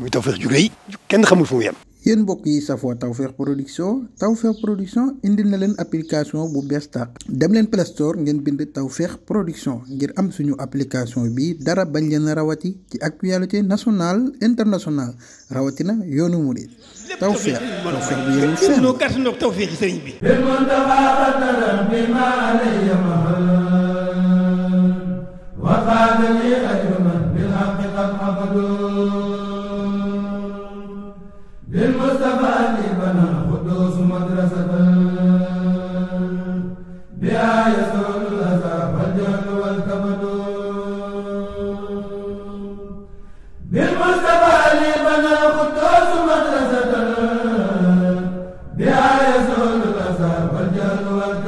muy Tawfekh ju rëy kenn xamul fu mu yem. yéen mbokk yi safoo Tawfekh production indi na leen application bu bees tàq dem leen Play Store ngeen bind Tawfekh production ngir am suñu application bi dara bañ leen rawati ci actualité national international rawatina yoonu murid Tawfekh Tawfekh bu yemul fenn. gënoo gàtt ndoog sëriñ bi. bi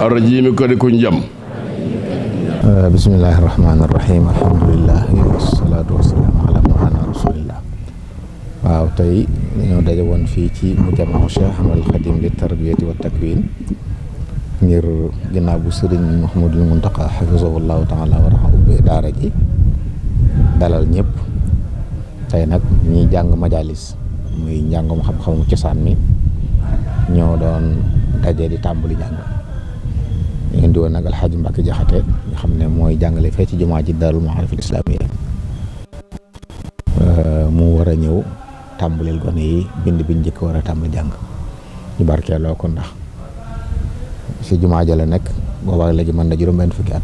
الرجيم كركن جم بسم الله الرحمن الرحيم الحمد لله waaw tey ñoo daje woon fii ci mujamau Cheikh Ahmadul Xadim li tarbiyati wa takwin ngir ginnaaw bu sëriñ Mouhamadul Muntaqa xafisahullahu taala war a ubbee dalal ñëpp tey nag ñi jàng majalis muy njàngum xam cosaan mi ñoo doon daje di tàmbali njàng ñu indi woon nag alxaaji Mbàkke Jaxate nga xam ne mooy jàngale fee ci jumaa ji Daarul Maarif al Islaamiya euh, mu war a ñëw tàmbalil gone yi bind bi njëkk war a tàmbali jàng ñu barkeeloo ko ndax si jumaa ja la nekk mën na juróom-benn at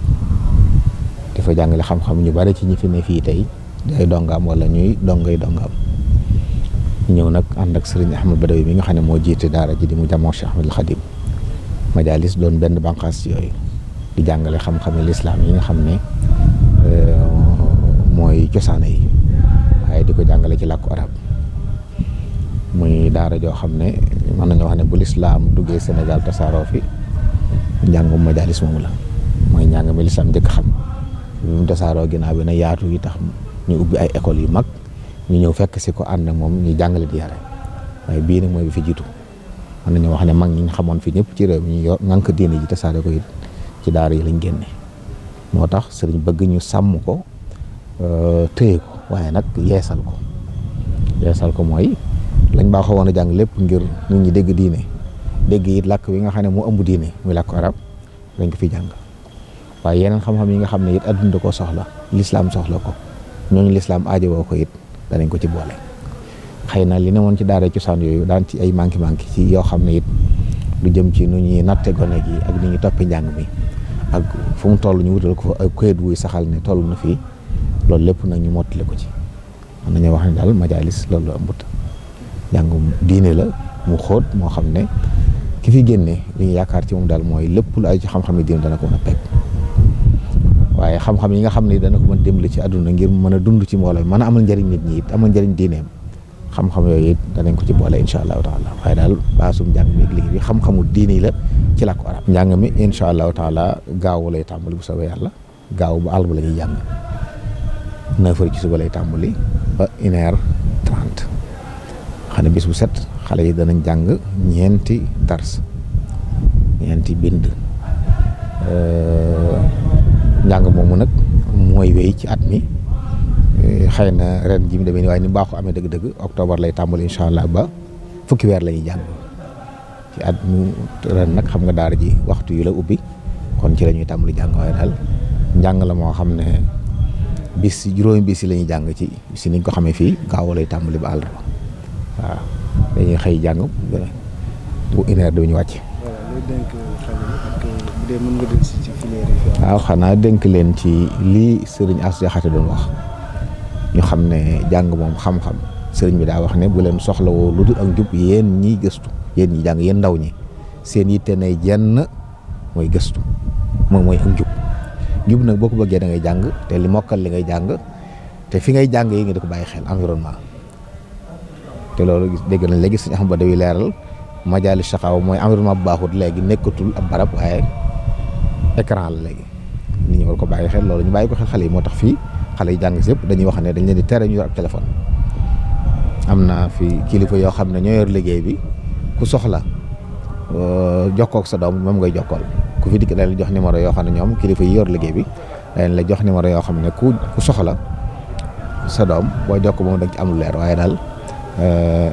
dafa jàngale xam ñu bari ci ñi fi ne fii tey day dongaam wala ñuy dongay dongaam ñëw nak ànd ak sëriñ Ahmad Badawi mi nga xam ne moo jiite daara ji di mu jamoo Cheikh Ahmadul Xadim majalis doon benn bànqaas ci yooyu di jàngale xam-xame lislaam yi nga xam ne euh, mooy cosaana yi waaye di ko jàngale ci làkku arab muy daara joo xam ne mën nañu wax ne bu lislaam duggee Sénégal tasaaroo fi njàngum majalis moomu la mooy njàng mi lislaam njëkk xam bi mu tasaaroo ginnaaw na yaatu yi tax ñu ubbi ay école yu mag ñu ñëw fekk si ko ànd ak moom ñu jàngale di yare waaye bii nag mooy bi fi jiitu mën nañu wax ne mag ñi ñu xamoon fi ñëpp ci réew mi ñu yor ngànk diine ji tasaare ko it ci daara yi lañ génne moo tax sëriñ bëgg ñu sàmm ko euh, téye ko waaye nag yeesal ko yeesal ko mooy lañ baaxoo woon a jàng lépp ngir nit ñi dégg diine dégg it làkk wi nga xam ne moo ëmb diine muy làkk arab lañ ko fi jàng waaye yeneen xam-xam yi nga xam ne it adduna koo soxla lislaam soxla ko lislam lislaam woo ko it danañ ko ci boole xay na li ne woon ci daara cosaan yooyu daan ci ay manqué manqué ci yoo xam ne it lu jëm ci nu ñuy natte gone gi ak ni ñuy toppi njàng mi ak fu mu toll ñu wutal ko fa ay këyit wuy saxal ne toll na fii loolu lépp nag ñu mottale ko ci mën nañoo wax ne daal majalis loolu la ëmbut njàngum diine la mu xóot moo xam ne ki fi génne li ñu yaakaar ci moom daal mooy lépp lu ay ci xam-xam yi diine dana ko mën a pegg waaye xam-xam yi nga xam ne dana ko mën a dimbali ci àdduna ngir mën a dund ci mbooloo mën a amal njëriñ nit ñi it amal njëriñ diineem xam-xam yooyu it danañ ko ci boole incha allahu taala waaye daal baasum njàng mi ak liggéey bi xam-xamu diini la ci làkku arab mi incha allahu taala gaaw lay bu soobee yàlla gaaw bu àll ba la jàng neuf heures ci suba lay tàmbali ba une heure trente xanaa bis bu set xale yi danañ jàng ñeenti dars ñeenti bind njàng moomu nag mooy wéy ci at mi xëy na ren ji mu demee nii waaye ni baaxu amee dëgg-dëgg octobre lay tàmbali incha allah ba fukki weer lañuy ñuy jàng ci at mu ren nag xam nga daara ji waxtu yu la ubbi kon ci lañuy ñuy tàmbali jàng njàng la moo xam ne bis juróomi bis yi la ñuy jàng ci si niñ ko xamee fii gaaw tàmbali ba waaw dañuy xëy jàng bu une xanaa dénk leen ci lii Serigne As Jaxate doon wax. ñu xam ne jàng moom xam-xam sëriñ bi daa wax ne bu leen woo lu dul ak njub yéen ñiy gëstu yéen ñi jàng yéen ndaw ñi seen yitte nay jenn mooy gëstu moom mooy ak njub njub nag boo ko bëggee da ngay jàng te li mokkal li ngay jàng te fi ngay jàng yi nga di ko bàyyi xel environnement te loolu dégg nañ léegi si xam ba dañuy leeral majaali saxaaw mooy environnement bu baaxut léegi nekkatul a barab waaye écran la léegi ni ñi war ko bàyyi xel loolu ñu bàyyi ko xel xale yi moo tax fii xale yi jàng si yëpp dañuy wax ne dañ leen di tere ñu yor ab téléphone am na fi kilifa yoo xam ne ñoo yor liggéey bi ku soxla euh, jokkook sa doom moom ngay jokkool ku fi dikk dañ la jox numéro yoo xam ne ñoom kilifa yi yor liggéey bi dañ la jox numéro yoo xam ne ku ku soxla sa doom boo jokk moom da ci am lu leer waaye daal euh,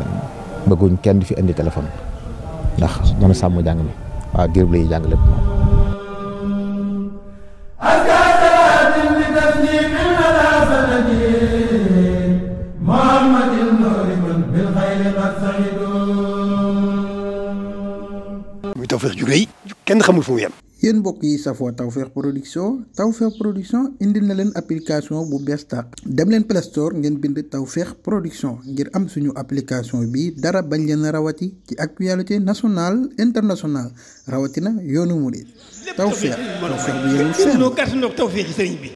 bëgguñ kenn di fi indi téléphone ndax dana sàmm jàng mi waaw diir bi jàng lépp moom muy Tawfekh ju kenn xamul fu mu yem. yéen mbokk yi safoo Tawfekh production Tawfekh production indil na leen application bu bees tàq dem leen Play Store ngeen bind Tawfekh production ngir am suñu application bi dara bañ leen rawati ci actualité nationale internationale rawatina yoonu murid Tawfekh Tawfekh bi yéen seen.